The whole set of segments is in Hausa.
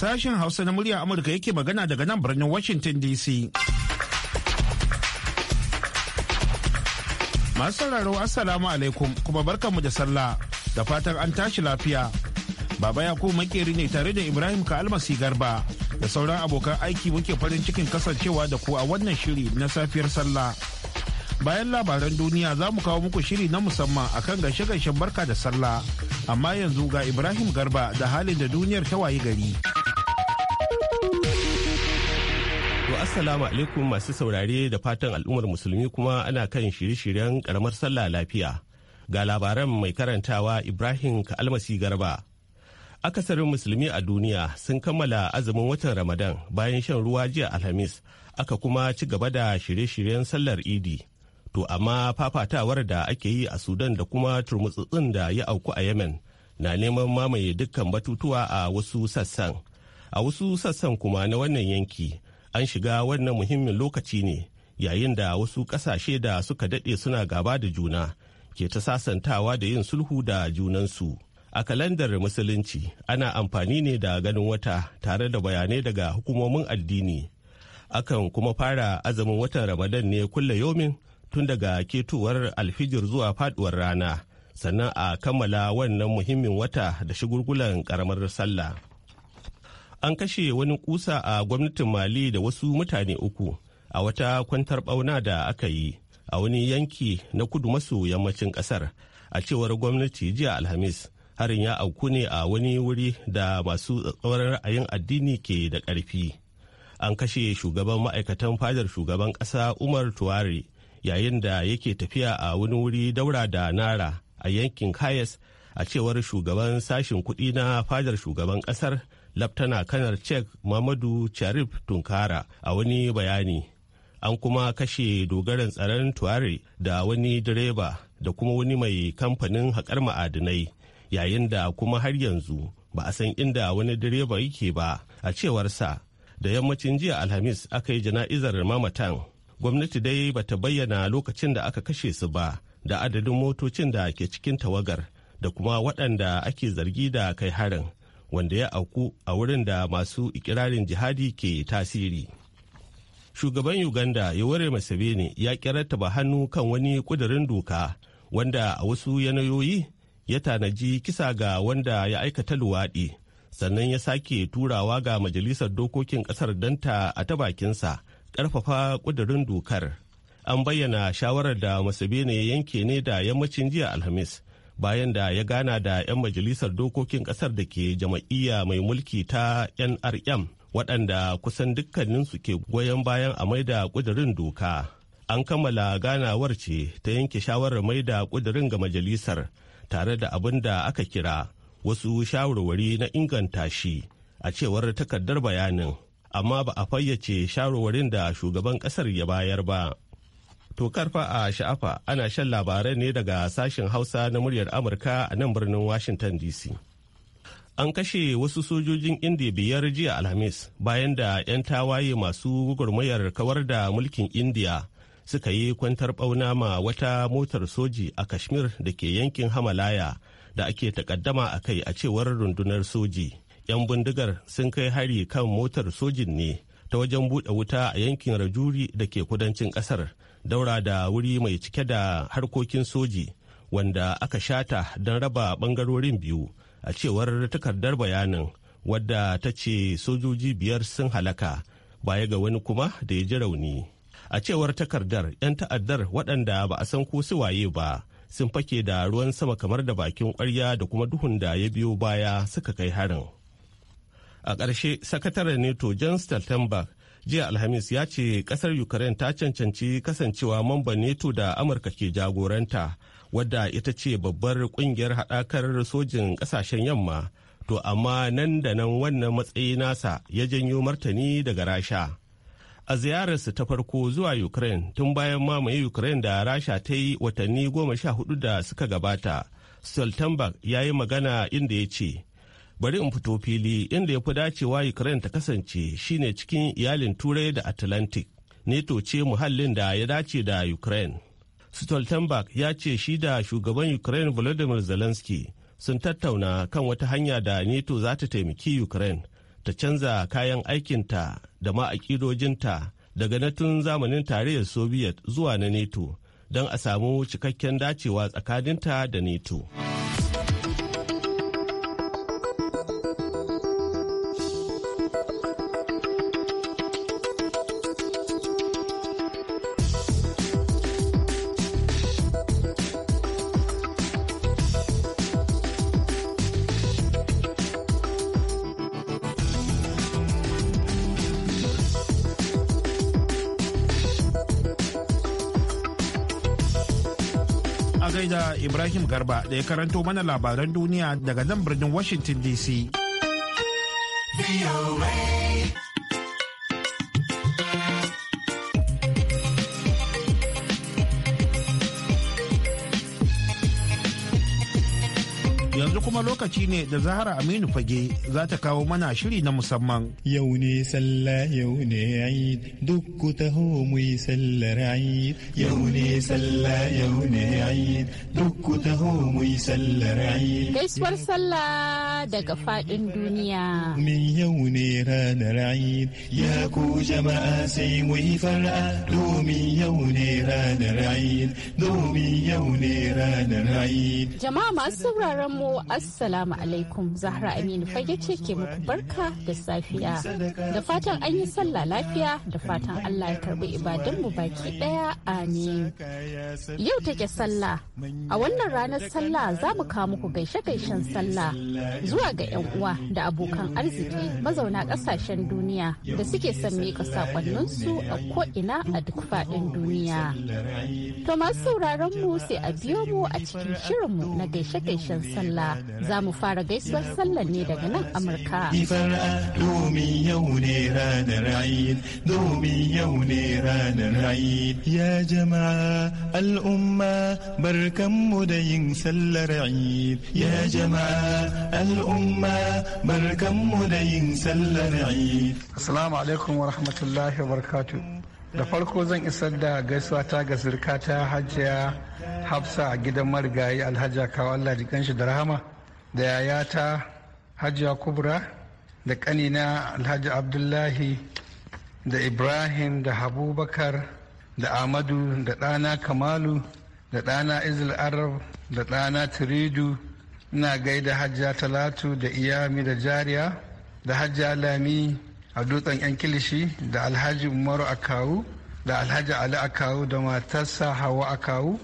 Sashen Hausa na murya Amurka yake magana daga nan birnin Washington DC. Masu sauraro Assalamu alaikum kuma barkanmu da sallah da fatan an tashi lafiya. Baba Yakubu makeri ne tare da Ibrahim ka almasi Garba da sauran abokan aiki muke farin cikin kasancewa da ku a wannan shiri na safiyar sallah. Bayan labaran duniya za mu kawo muku shiri na musamman akan gaishe-gaishen barka da sallah. Amma yanzu ga Ibrahim Garba da halin da duniyar ta wayi gari. To assalamu alaikum masu saurare da fatan al'ummar musulmi kuma ana kan shirye-shiryen karamar sallah lafiya. Ga labaran mai karantawa Ibrahim Kalmasi Garba. Akasarin musulmi a duniya sun kammala azumin watan Ramadan bayan shan ruwa jiya Alhamis, aka kuma ci gaba da shirye-shiryen sallar Idi. To amma fafatawar da ake yi a Sudan da kuma turmutsutsun da ya auku a Yemen na neman mamaye dukkan batutuwa a wasu sassan. A wasu sassan kuma na wannan yanki an shiga wannan muhimmin lokaci ne yayin da wasu ƙasashe da suka daɗe suna gaba da juna ke ta sasantawa da yin sulhu da junansu. A kalandar Musulunci ana amfani ne da ganin wata tare da bayanai daga hukumomin addini. Akan kuma fara azumin watan Ramadan ne kulle yomin tun daga ketowar alfijir zuwa faduwar rana, sannan a kammala wannan muhimmin wata da shigulgulan ƙaramar sallah. an kashe wani kusa a gwamnatin mali da wasu mutane uku a wata kwantar bauna da aka yi a wani yanki na kudu maso yammacin kasar a cewar gwamnati jiya alhamis harin ya auku ne a wani wuri da masu tsatsauran ra'ayin addini ke da ƙarfi an kashe shugaban ma'aikatan fadar shugaban ƙasa umar tuwari yayin da yake tafiya a wani wuri daura da nara a yankin kayas a cewar shugaban sashen kudi na fadar shugaban ƙasar laftana kanar cek mamadu charif tunkara a wani bayani an kuma kashe dogaran tsaron tuare da wani direba da kuma wani mai kamfanin haƙar ma'adinai yayin da kuma har yanzu ba a san inda wani direba yake ba a cewar sa da yammacin jiya alhamis aka yi jana'izar mamatan gwamnati dai bata bayyana lokacin da aka kashe su ba da adadin motocin da ke cikin tawagar da kuma waɗanda ake zargi da kai harin wanda ya auku a wurin da masu ikirarin jihadi ke tasiri shugaban uganda yoweri museveni ya ba hannu kan wani kudirin doka wanda a wasu yanayoyi ya tanaji kisa ga wanda ya aikata luwaɗi sannan ya sake turawa ga majalisar dokokin ƙasar danta a ta bakinsa ƙarfafa kudirin dokar an bayyana shawarar da museveni ya yanke ne da yammacin jiya alhamis bayan da ya gana da 'yan majalisar dokokin kasar da ke jama'iyya mai mulki ta nrm waɗanda kusan dukkaninsu ke goyon bayan a maida ƙudurin doka an kammala ganawar ce ta yanke shawarar maida ƙudurin ga majalisar tare da abin da aka kira wasu shawarwari na inganta shi a cewar takardar bayanin amma ba a fayyace shawarwarin da shugaban ƙasar ya bayar ba. To karfa a sha'afa ana shan labarai ne daga sashen Hausa na muryar Amurka a nan birnin Washington DC. An kashe wasu sojojin Indiya biyar jiya Alhamis bayan da 'yan tawaye masu gugurmayar kawar da mulkin Indiya suka yi kwantar bauna ma wata motar soji a Kashmir da ke yankin Hamalaya da ake takaddama a kai a cewar rundunar soji. 'Yan bindigar sun kai hari kan motar sojin ne ta wajen buɗe wuta a yankin Rajuri da ke kudancin ƙasar. daura da wuri mai cike da harkokin soji wanda aka shata don raba bangarorin biyu a cewar takardar bayanin wadda ta ce sojoji biyar sun halaka baya ga wani kuma da ya ji rauni a cewar takardar 'yan ta'addar waɗanda ba a san ko su waye ba sun fake da ruwan sama kamar da bakin ƙwarya da kuma duhun da ya biyo baya suka kai harin a ƙarshe sakataren neto john stoltenberg jiya alhamis ya ce kasar ukraine ta cancanci kasancewa mamban neto da amurka ke jagoranta wadda ita ce babbar kungiyar haɗakar sojin ƙasashen yamma to amma nan da nan wannan matsayi nasa ya janyo martani daga rasha a ziyararsa ta farko zuwa ukraine tun bayan mamaye ukraine da rasha ta yi watanni goma sha hudu da suka gabata stoltenberg ya yi magana inda ya ce bari in fito fili inda ya fi dacewa ukraine ta kasance shine cikin iyalin turai da atlantic neto ce muhallin da ya dace da ukraine stoltenberg ya ce shi da shugaban ukraine volodymyr zelensky sun tattauna kan wata hanya da neto za ta taimaki ukraine ta canza kayan aikinta da ma aƙidojinta daga na tun zamanin tarayyar soviet zuwa na neto don a samu cikakken dacewa tsakaninta da neto. da Ibrahim Garba da ya karanto mana labaran duniya daga nan birnin Washington DC. kuma lokaci ne da Zahara Aminu Fage za ta kawo mana shiri na musamman. Yau ne sallah yau ne ayi duk ku taho mu yi sallar ayi. Yau ne sallah yau ne ayi duk ku taho mu yi sallar ayi. Gaisuwar sallah daga fadin duniya. Min yau ne ranar ayi ya ku jama'a sai mu yi fara domin yau ne ranar ayi domin yau ne ranar ayi. Jama'a masu sauraron mu Assalamu alaikum Zahra Aminu fage ce ke muku barka da safiya. Da fatan an yi sallah lafiya da fatan Allah ya karbi mu baki daya amin. Yau take sallah. A wannan ranar sallah za mu kawo muku gaishe-gaishen sallah zuwa ga 'yan uwa da abokan arziki mazauna ƙasashen duniya da suke son miƙa saƙonninsu a ko'ina a duk faɗin duniya. To masu sauraron mu sai a biyo mu a cikin shirinmu na gaishe-gaishen sallah za mu fara gaisuwar sallar ne daga nan amurka domin ya jama'a al'umma barkanmu da yin sallar ya jama'a al'umma barkanmu da yin sallar assalamu alaikum wa rahmatullahi wa da farko zan isar da gaisuwa ta ga sirka ta hajiya hafsa a gidan marigayi alhaji kawo allah da rahama da yayata hajiya kubra da kanina alhaji abdullahi da ibrahim da habubakar da amadu da ɗana kamalu da ɗana izil arab da ɗana tiridu ina gaida Hajiya talatu da iyami da jariya da Hajiya lami a dutsen yan kilishi da alhaji umaru akawu da alhaji ali akawu da matarsa hawa akawu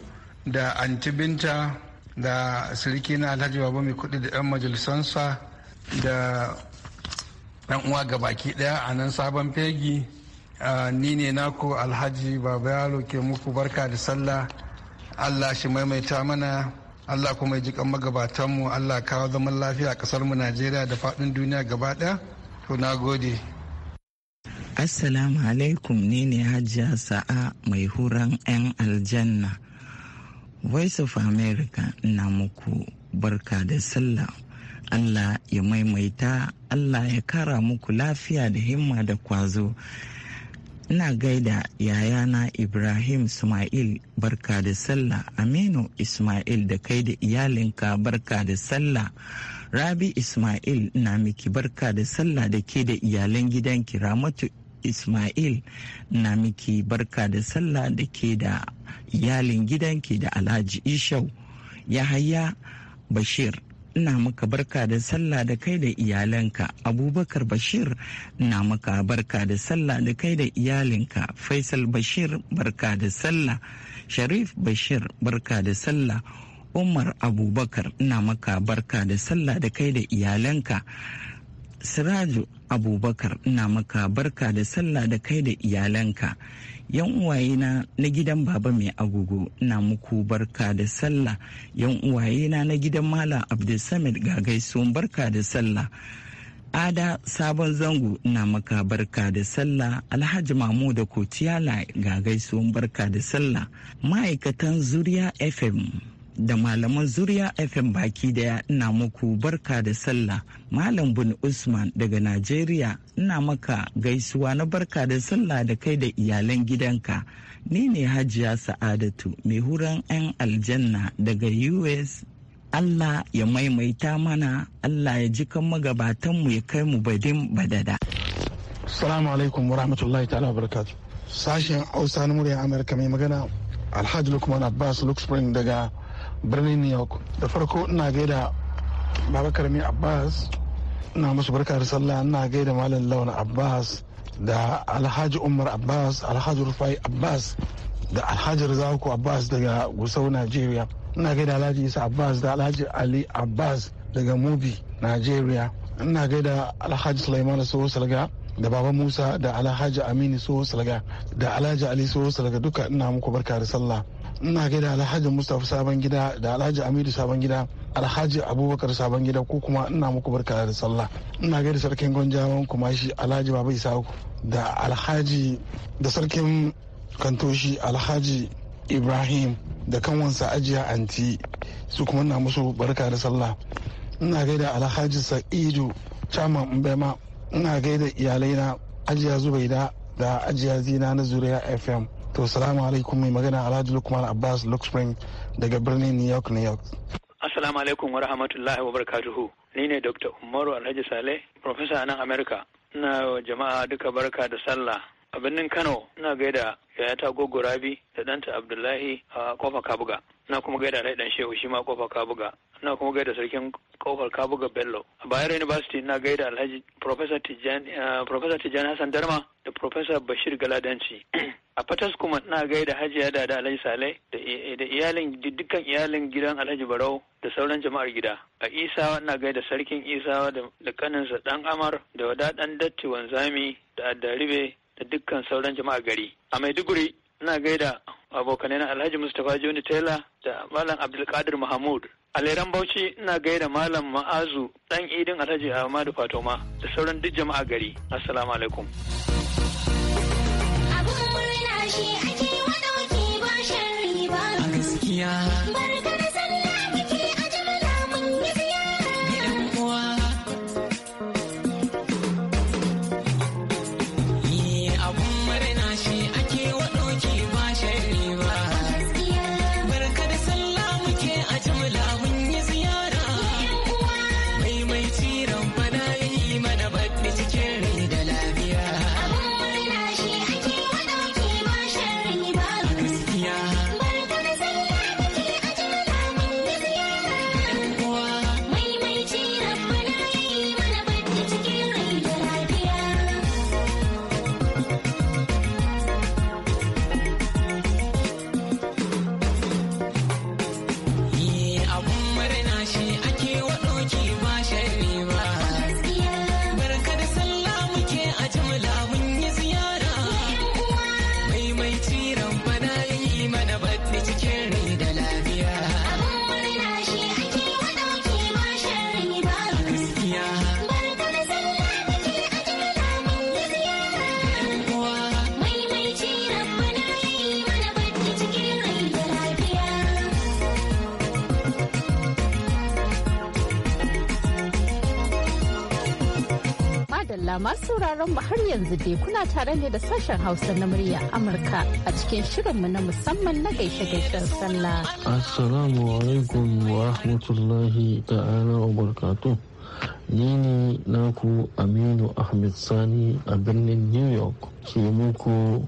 da anti binta da siriki na alhaji babu mai kudi da 'yan majalisansa da yan uwa ga baki daya a nan sabon fegi ni ne naku alhaji babu ya ke muku barka da sallah allah shi maimaita mana allah kuma ji kan magabatanmu allah kawo zaman lafiya a kasar mu najeriya da faɗin duniya gaba daya to na gode Assalamu alaikum ni ne hajiya sa'a mai huran 'yan aljanna voice of america na muku barka da sallah allah ya maimaita allah ya kara muku lafiya da himma da kwazo ina gaida yayana ibrahim ismail barka da sallah aminu ismail da kai da iyalinka barka da sallah rabi ismail na miki barka da sallah da ke da iyalan gidanki ramatu Ismail na miki barka da sallah da ke da iyalin gidanki da Alhaji Ishau Yahaya Bashir. Ina maka barka da sallah da kai da iyalanka Abubakar Bashir na maka barka da sallah da kai da iyalinka Faisal Bashir barka da sallah Sharif Bashir barka da sallah Umar Abubakar ina maka barka da sallah da kai da iyalanka Siraju Abubakar na maka barka da sallah da kai da iyalanka. yan uwaye na na gidan baba mai agogo na muku barka da sallah yan uwaye na na gidan malam abdulsamid ga gaisuwan barka da sallah ada sabon zango na maka barka da sallah alhaji mamu da kociyala ga gaisuwan barka da sallah ma'aikatan zuriya fm da malaman zuriya fm baki daya ina muku barka da sallah malam bin usman daga najeriya ina maka gaisuwa na barka da sallah da kai da iyalan gidanka ni ne hajiya sa'adatu mai huran 'yan aljanna daga us allah ya maimaita mana allah ya ji kan magabatanmu ya kai mu badin badada salamu alaikum wa rahmatullahi ta'ala wa sashen hausa na murya amurka mai magana alhaji lukman abbas luke daga birnin new york da farko ina gaida babakar mai abbas ina musu barka da sallah ina gaida malam launa abbas da alhaji umar abbas alhaji rufai abbas da alhaji rizaku abbas daga gusau nigeria ina gaida alhaji isa abbas da alhaji ali abbas daga mubi nigeria ina gaida alhaji sulaiman soho salga da baba musa da alhaji aminu soho salga da alhaji ali soho salga duka ina muku barka da sallah ina gaida alhaji mustapha sabon gida da alhaji amiru sabon gida alhaji abubakar sabon gida ko kuma ina muku barka da sallah ina gaida sarkin gonjawan kuma shi alhaji baba isaku da alhaji da sarkin kantoshi alhaji ibrahim da kanwansa ajiya anti su kuma ina musu barka da sallah ina gaida alhaji sa'idu chama mbema ina gaida iyalaina ajiya zubaida da ajiya zina na zuriya fm to salamu alaikum mai magana alhaji lukman abbas spring daga birnin new york new york assalamu alaikum wa rahmatullahi wa barakatuhu ni ne dr umaru alhaji saleh professor nan america ina jama'a duka barka da sallah a birnin kano ina gaida ta gogo rabi da ɗanta abdullahi a kofar kabuga na kuma gaida rai dan shehu shi ma kofar kabuga na kuma gaida sarkin kofar kabuga bello a bayan university na gaida alhaji professor tijjani eh, professor hassan darma da professor bashir galadanci a fatas kuma na gaida hajiya da da alhaji saleh da iyalin dukkan iyalin gidan alhaji barau da sauran jama'ar gida a isawa na gaida sarkin isawa da kaninsa dan amar da wada datti wanzami da addaribe da dukkan sauran jama'a gari a maiduguri ina gaida abokanai na alhaji mustapha joni taylor da malam abdulkadir mahmud a leran bauchi ina gaida malam ma'azu ɗan idin alhaji ahmadu fatoma da sauran duk jama'a gari assalamu alaikum gaskiya masu sauraron mu har yanzu dai kuna tare ne da sashen Hausa na murya Amurka a cikin shirinmu na musamman na gaishe-gaishen sallah. Assalamu alaikum wa rahmatullahi ta'ala wa barkatu ni ne naku aminu ahmed sani a birnin new york ke muku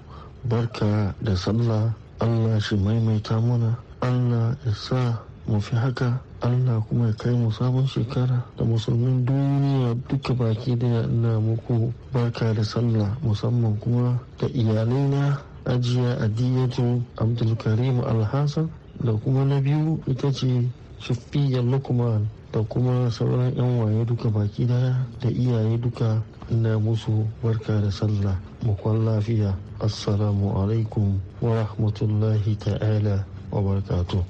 barka da sallah allah shi maimaita mana. allah ya sa mu fi haka allah kuma ya kai mu sabon shekara da musulmin duniya duka baki daya ina muku barka da sallah musamman kuma da iyalai na ajiya adiyatu abdulkarim alhassan da kuma na biyu ita ce shafiyyar lukman da kuma sauran 'yan waye duka baki daya da iyaye duka ina musu barka da sallah mukwan lafiya assalamu alaikum wa rahmatullahi ta'ala wa barkatu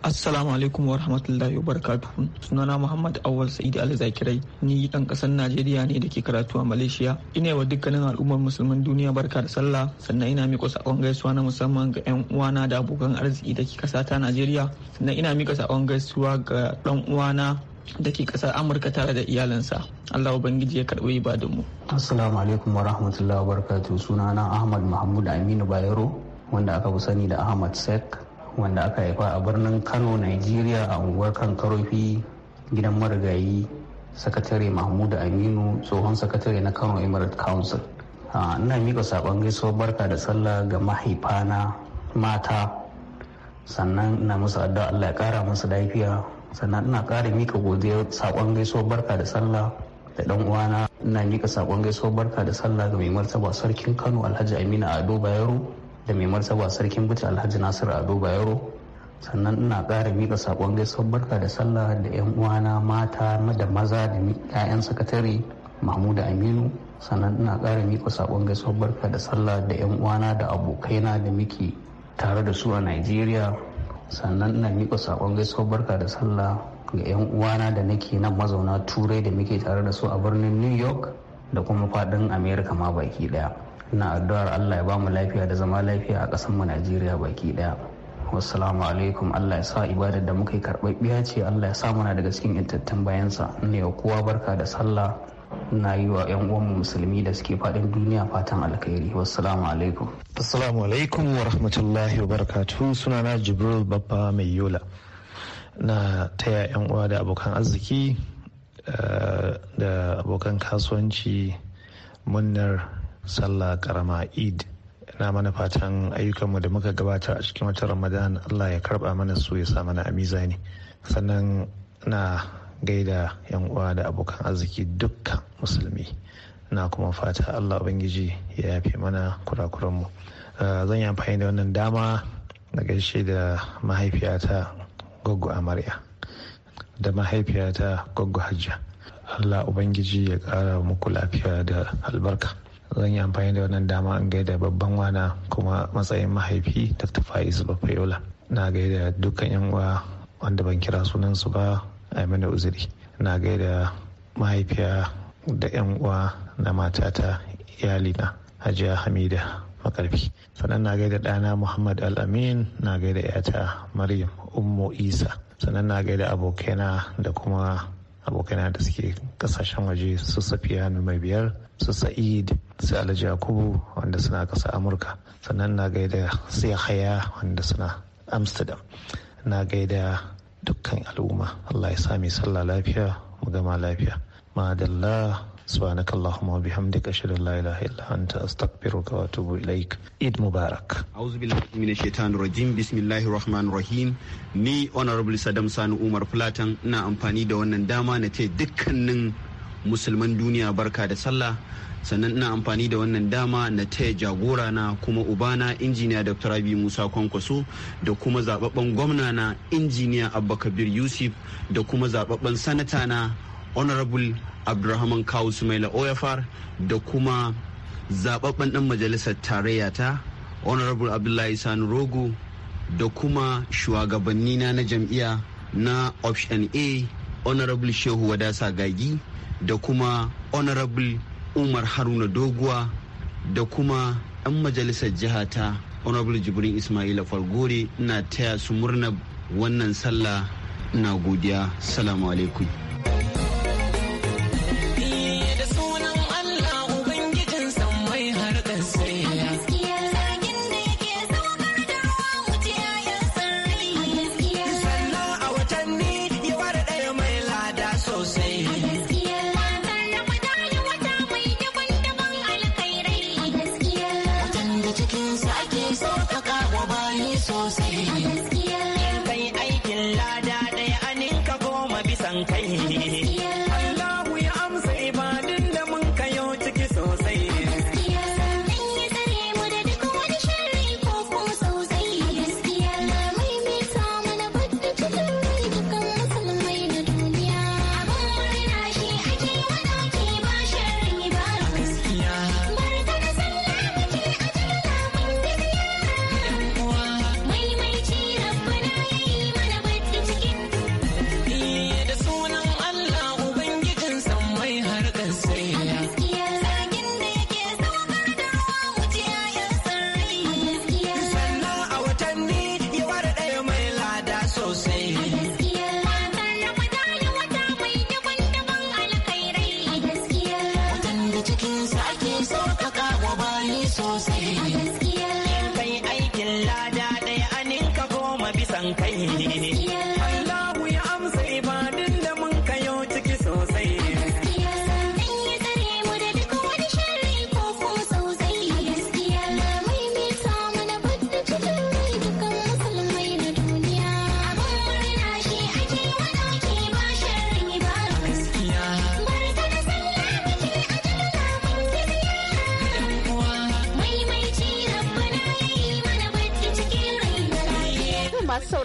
Assalamu alaikum wa rahmatullahi wa barakatuhu. Sunana Muhammad Awal saidi Ali Zakirai, ni dan kasar Najeriya ne da ke karatu a Malaysia. Ina wa dukkanin al'ummar musulman duniya barka da sallah, sannan ina miƙa sakon gaisuwa na musamman ga 'yan uwana da abokan arziki da ke ƙasa ta Najeriya, sannan ina miƙa sakon gaisuwa ga ɗan uwana dake ke kasar amurka tare da iyalinsa allah ubangiji ya karɓi ibadunmu assalamu alaikum wa rahmatullahi wa barakatuh sunana ahmad mahmud aminu bayero wanda aka fi sani da ahmad sek wanda aka haifa a birnin kano nigeria a unguwar kankarofi gidan marigayi sakatare mahmudu aminu tsohon sakatare na kano emirate council ina miƙa saƙon gaisuwar barka da sallah ga mahaifana mata sannan ina musu addu'a allah ya ƙara musu lafiya sannan ina ƙara miƙa godiyar saƙon gaisuwar barka da sallah da ɗan uwana ina miƙa saƙon gaisuwar barka da sallah ga mai martaba sarkin kano alhaji aminu ado bayero da mai martaba sarkin buci alhaji nasir ado bayero sannan ina ƙara miƙa saƙon gaisuwar barka da sallah da 'yan uwana mata da maza da 'ya'yan sakatare mahmuda aminu sannan ina ƙara miƙa saƙon gaisuwar barka da sallah da 'yan uwana da abokaina da muke tare da su a nigeria sannan ina mika saƙon gaisuwar barka da sallah ga 'yan uwana da nake nan mazauna turai da muke tare da su a birnin new york da kuma faɗin america ma baki ɗaya na addu'ar allah ya bamu lafiya da zama lafiya a ƙasar mu najeriya baki daya wassalamu alaikum allah ya sa ibadar da muka yi karɓaɓɓiya ce allah ya sa muna daga cikin intattun bayansa ne kowa barka da sallah na yi wa 'yan uwanmu musulmi da suke faɗin duniya fatan alkhairi wassalamu alaikum assalamu alaikum wa rahmatullahi wa suna sunana jibril babba mai yola na taya 'yan uwa da abokan arziki eh, da abokan kasuwanci munnar sallah karama eid na mana fatan ayyukanmu da muka gabata a cikin watan ramadan allah ya karba mana su ya sa mana a ne sannan na gaida yan uwa da abokan arziki dukkan musulmi na kuma fata allah ubangiji ya yafe mana kurakuranmu eh, zan yi amfani da wannan dama na gaishe da mahaifiyata goggo amarya da mahaifiyata goggo hajja allah ubangiji ya kara muku lafiya da albarka zan yi amfani da wannan dama in gaida babban wana kuma matsayin mahaifi dr faiz lofayola na gaida dukkan yan uwa wanda ban kira sunansu ba a mana uzuri na gaida mahaifiya da yan uwa na matata iyalina hajiya hamida makarfi sannan na gaida ɗana muhammad al-amin na gaida yata maryam ummu isa sannan na gaida abokaina da kuma abokaina da suke kasashen waje su safiya mai biyar su sa'id su alhaji yakubu wanda suna kasa amurka sannan na gaida su yahaya wanda suna amsterdam na gaida dukkan al'umma allah ya sami sallah lafiya mu gama lafiya madalla subhanaka allahumma bihamdika ashhadu an la ilaha illa anta astaghfiruka wa atubu ilaik id mubarak a'udhu billahi minash shaitanir rajim bismillahir rahmanir rahim ni honorable sadam umar platan ina amfani da wannan dama na ce dukkanin musulman duniya barka da sallah sannan ina amfani da wannan dama na taya jagora na kuma ubana injiniya dr rabi musa kwankwaso da kuma zababben gwamna na injiniya abba kabir yusuf da kuma zababben sanata na honorable abdulrahman kawu sumaila oyafar da kuma zababben dan majalisar tarayya ta honorable abdullahi sani rogo da kuma shugabanni na na jam'iyya na option a honorable shehu wadasa gagi da kuma honorable umar haruna doguwa da kuma 'yan majalisar jiha ta honorable jibrin ismaila falgore na taya su murna wannan sallah na godiya salamu alaikum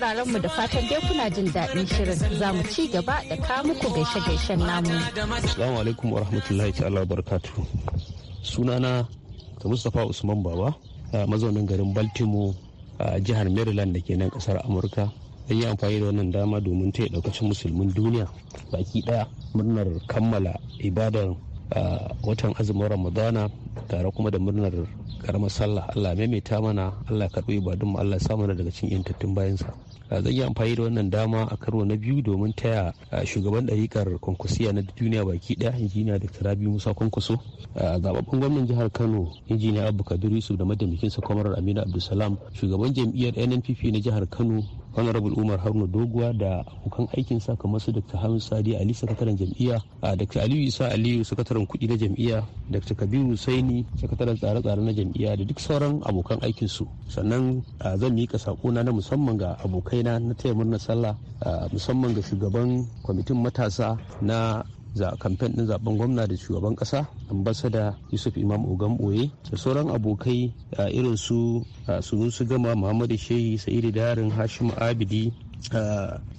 sauraron mu da fatan dai kuna jin daɗin shirin za mu ci gaba da ka muku gaishe-gaishen namu. Assalamu alaikum wa rahmatullahi ta'ala barkatu. Sunana ta Mustapha Usman Baba mazaunin garin Baltimore a jihar Maryland da ke nan kasar Amurka. Zan yi amfani da wannan dama domin ta ɗaukacin musulmin duniya baki ɗaya murnar kammala ibadar watan azumin Ramadana tare kuma da murnar karamar sallah Allah maimaita mana Allah karɓi ibadun mu Allah samu daga cikin yantattun bayansa. Eh, zan yi amfani da wannan dama a karo na biyu domin taya eh, shugaban ɗarikar kwankwasiya na duniya baki ɗaya injiniya da rabi musa kwankwaso eh, zababben gwamnan jihar kano injiniya abu kadir yusuf da mataimakinsa kwamarar aminu abdulsalam shugaban jam'iyyar nnpp na jihar kano honorable umar haruna doguwa da abokan aikinsa kamar su dr hamid sadi ali sakataren jam'iyya dr aliyu isa aliyu sakataren kudi na jam'iyya dr kabiru saini sakataren tsare-tsare na jam'iya da duk sauran abokan aikinsu sannan zan miƙa sakona na musamman ga abokaina na taya murnar sallah musamman ga shugaban kwamitin matasa na za kamfen ɗin zaben gwamna da shugaban kasa ambasada yusuf imam ogan boye da sauran abokai irin su su gama muhammadu shehi sa'idu darin hashim abidi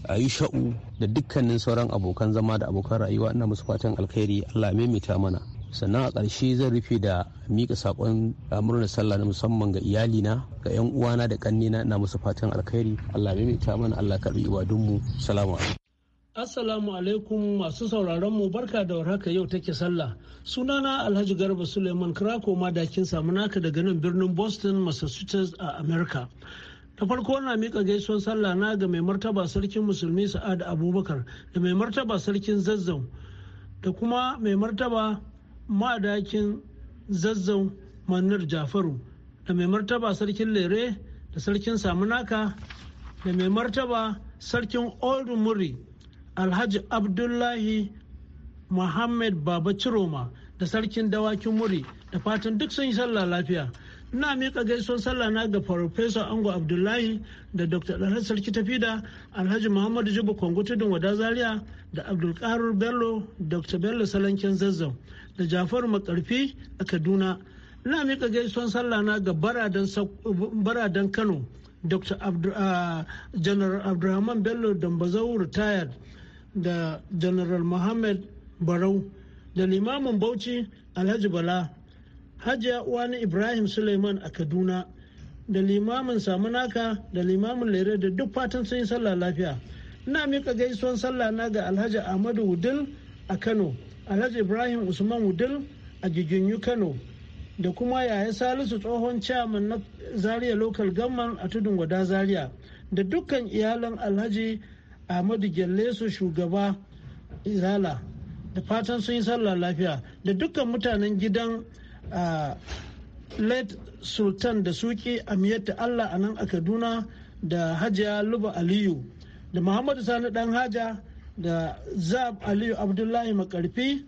a yi sha'u da dukkanin sauran abokan zama da abokan rayuwa ina musu fatan alkhairi allah maimaita mana sannan a ƙarshe zan rufe da mika saƙon murnar sallah na musamman ga iyalina ga 'yan uwana da ƙannena ina musu fatan alkhairi allah maimaita mana allah karbi ibadunmu salamu alaikum Assalamu alaikum masu sauraron mu barka da warhaka yau take sallah. Sunana Alhaji Garba Suleiman Krako madakin naka daga nan birnin Boston, Massachusetts a America. Da farko na mika gaisuwar sallah na ga mai martaba sarkin musulmi Sa'ad Abubakar da mai martaba sarkin Zazzau da kuma mai martaba madakin Zazzau Manar Jafaru da mai martaba sarkin Lere da sarkin Samunaka da mai martaba sarkin Old Murray alhaji abdullahi muhammad baba ciroma da sarkin dawakin muri da fatan duk sun yi sallah lafiya ina miƙa gaisuwar sallah na ga farfesa ango abdullahi da dr ɗanar sarki tafida alhaji muhammadu jibu kwangu tudun wada zaria da abdulkarur bello dr bello salanken zazzau da jafaru makarfi a kaduna ina miƙa gaisuwar sallah na ga baradan kano dr general abdulrahman ah, bello dambazau retired da general mohammed barau da limamin bauchi alhaji bala hajiya uwani ibrahim suleiman a kaduna da limamin samunaka da limamin lere da duk fatan sun yi sallah lafiya na mika gaisuwan sallah na ga alhaji ahmadu wudil a kano alhaji ibrahim usman wudil a giginyu kano da kuma yaya salisu tsohon chairman na zaria local government a tudun wada Zariya da dukkan iyalan alhaji ahmadu gyallesu shugaba izala da fatan sun yi sallah lafiya da dukkan mutanen gidan late sultan da suki amiyatta allah a nan a kaduna da hajiya luba aliyu da muhammadu sani dan haja da zab aliyu abdullahi makarfi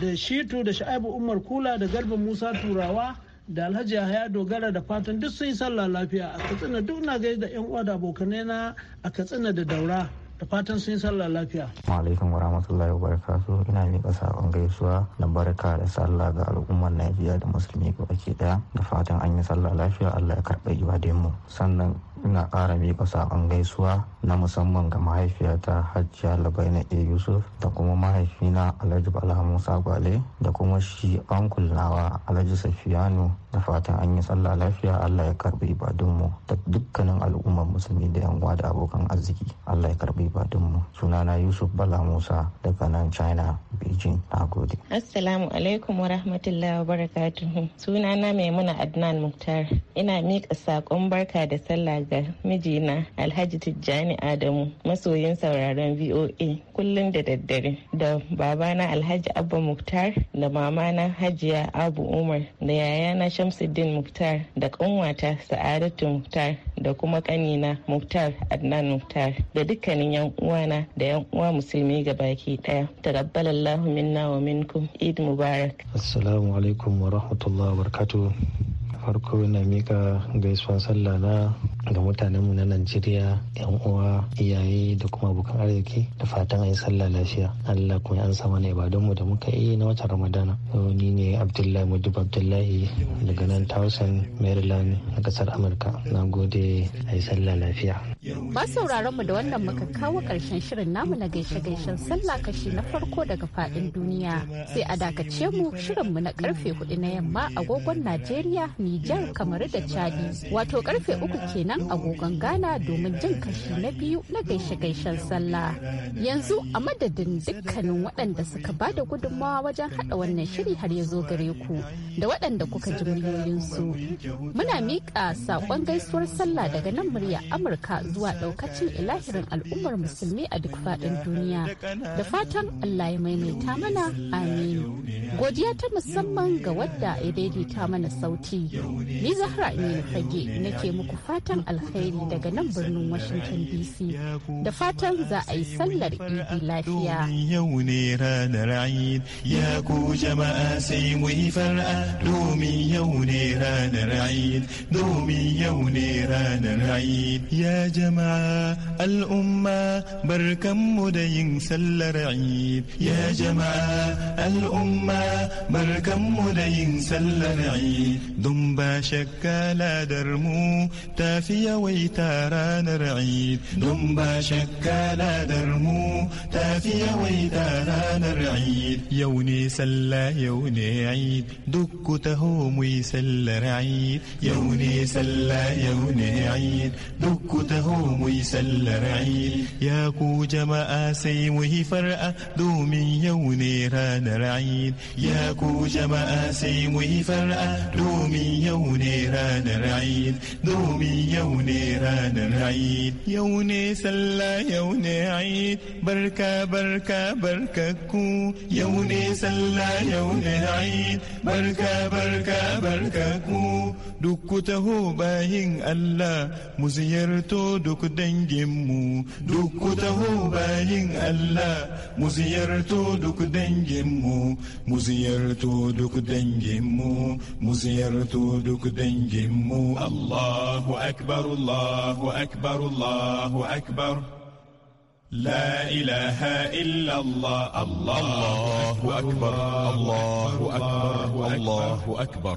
da shitu da sha'ibu umar kula da garba musa turawa da alhaji ya dogara da fatan duk sun yi sallah lafiya a katsina duk na gaida yan uwa da abokanai na a katsina da daura da fatan sun yi sallah lafiya. Alaikum warahmatullahi wabarakatuh ina miƙa sabon gaisuwa na barka da sallah ga al'ummar Najeriya da musulmi baki daya da fatan an yi sallah lafiya Allah ya karɓa ibadun mu sannan ina ƙara miƙa sabon gaisuwa na musamman ga mahaifiyata hajjiya labaina a yusuf da kuma mahaifina alhaji bala musa gwale da kuma shi ankul nawa alhaji safiyanu da fatan an yi sallah lafiya allah ya karbi ibadunmu da dukkanin al'ummar musulmi da yanwa da abokan arziki allah ya karbi ibadunmu sunana yusuf bala musa daga nan china beijing na gode assalamu alaikum wa rahmatullahi wa barakatuhu sunana maimuna adnan muktar ina miƙa saƙon barka da sallah ga mijina alhaji tijjani Sani Adamu masoyin sauraron VOA kullum da daddare da babana Alhaji Abba Muktar da mamana Hajiya Abu Umar da yayana Shamsuddin Muktar da kanwata Sa'adatu Muktar da kuma ƙanina Muktar Adnan Muktar da dukkanin yan uwana da yan uwa musulmi baki daya. Taqabbalallahu minna wa minkum. Eid Mubarak. Assalamu alaikum wa rahmatullahi wa barakatuh. farko na mika gaisuwan sallah na ga mutanenmu na najeriya yan uwa iyaye da kuma abokan arziki da fatan ayi sallah lafiya allah kuma an sama na mu da muka yi na watan ramadana ni ne abdullahi mudub abdullahi daga nan towson maryland na kasar amurka na gode ayi sallah lafiya Ba sauraron mu da wannan muka kawo ƙarshen shirin namu na gaishe-gaishen sallah kashi na farko daga faɗin duniya. Sai a dakace mu shirin mu na karfe hudu na yamma agogon Najeriya, Nijar, Kamaru da Chadi. Wato karfe uku kenan agogon Ghana domin jin kashi na biyu na gaishe-gaishen sallah. Yanzu a madadin dukkanin waɗanda suka ba da gudunmawa wajen haɗa wannan shiri har ya zo gare ku da waɗanda kuka ji muryoyinsu. Muna miƙa saƙon gaisuwar sallah daga nan murya Amurka zuwa daukacin ilahirin al'ummar musulmi a duk faɗin duniya da fatan allah ya maimaita mana amin godiya ta musamman ga wadda ya daidaita mana sauti ni zahra aminu fage nake muku fatan alkhairi daga nan birnin washington dc da fatan za a yi sallar idi lafiya ya ku jama'a sai mu yi far'a جمع الأمة برك مدين سلر عيد يا جماعة الأمة برك مدين سل رعيد دم باشك لا درمو تافيا ويتاران رعيد دم باشك لا درمو تافيا ويتاران رعيد يوني سل يوني عيد دك تهوم يسل رعيد يوني سل يوني عيد دك muyi mu yi ya ku jama'a sai mu far'a domin yau ne ranar ayi ya ku jama'a sai mu far'a domin yau ne ranar domin yau ne ranar yau ne sallah yau ne barka barka barka ku yau ne sallah yau ne ayi barka barka barka ku duk ku taho bayin Allah mu ziyarto duk danginmu duk ku taho bayin Allah mu ziyarto duk danginmu mu ziyarto duk danginmu mu ziyarto duk danginmu Allahu akbar Allahu akbar Allahu akbar لا إله إلا الله الله أكبر الله أكبر الله أكبر, الله أكبر.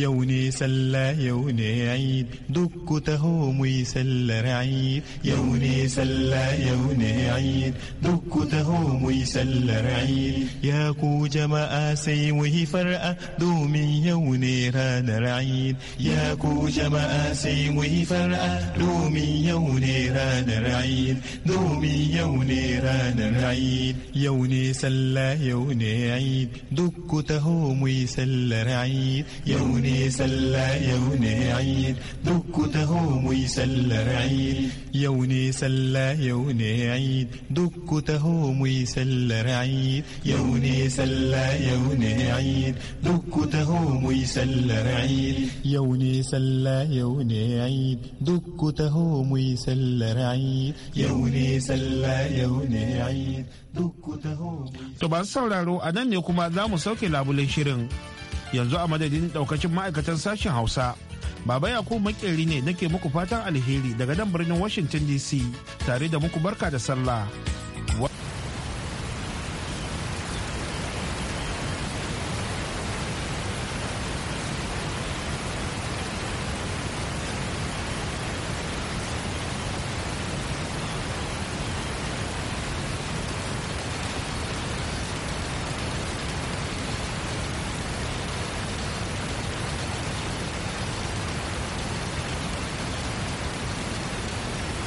يوني سلا يوني عيد دك تهوم ويسل رعيد يوني سلا يوني عيد دك تهوم ويسل رعيد يا كو جما اسي وهي فرقه دومي يوني ران رعيد يا كو جما اسي وهي فرقه دومي يوني ران رعيد دومي يوني ران رعيد يوني سلا يوني عيد دك تهوم ويسل رعيد يوني ne sallah yau ne aid duk ku taho mu yi sallar aid yau ne salla yau ne aid duk ku taho mu yi sallar aid yau ne salla yau ne aid duk ku taho mu yi sallar aid yau ne salla yau ne aid duk ku taho mu yi sallar aid yau ne salla yau ne aid duk ku taho to ba sauraro a nan ne kuma za mu sauke labulen shirin yanzu a madadin daukacin ma'aikatan sashen hausa baba yakubu makeri ne nake muku fatan alheri daga nan birnin washington dc tare da muku barka da sallah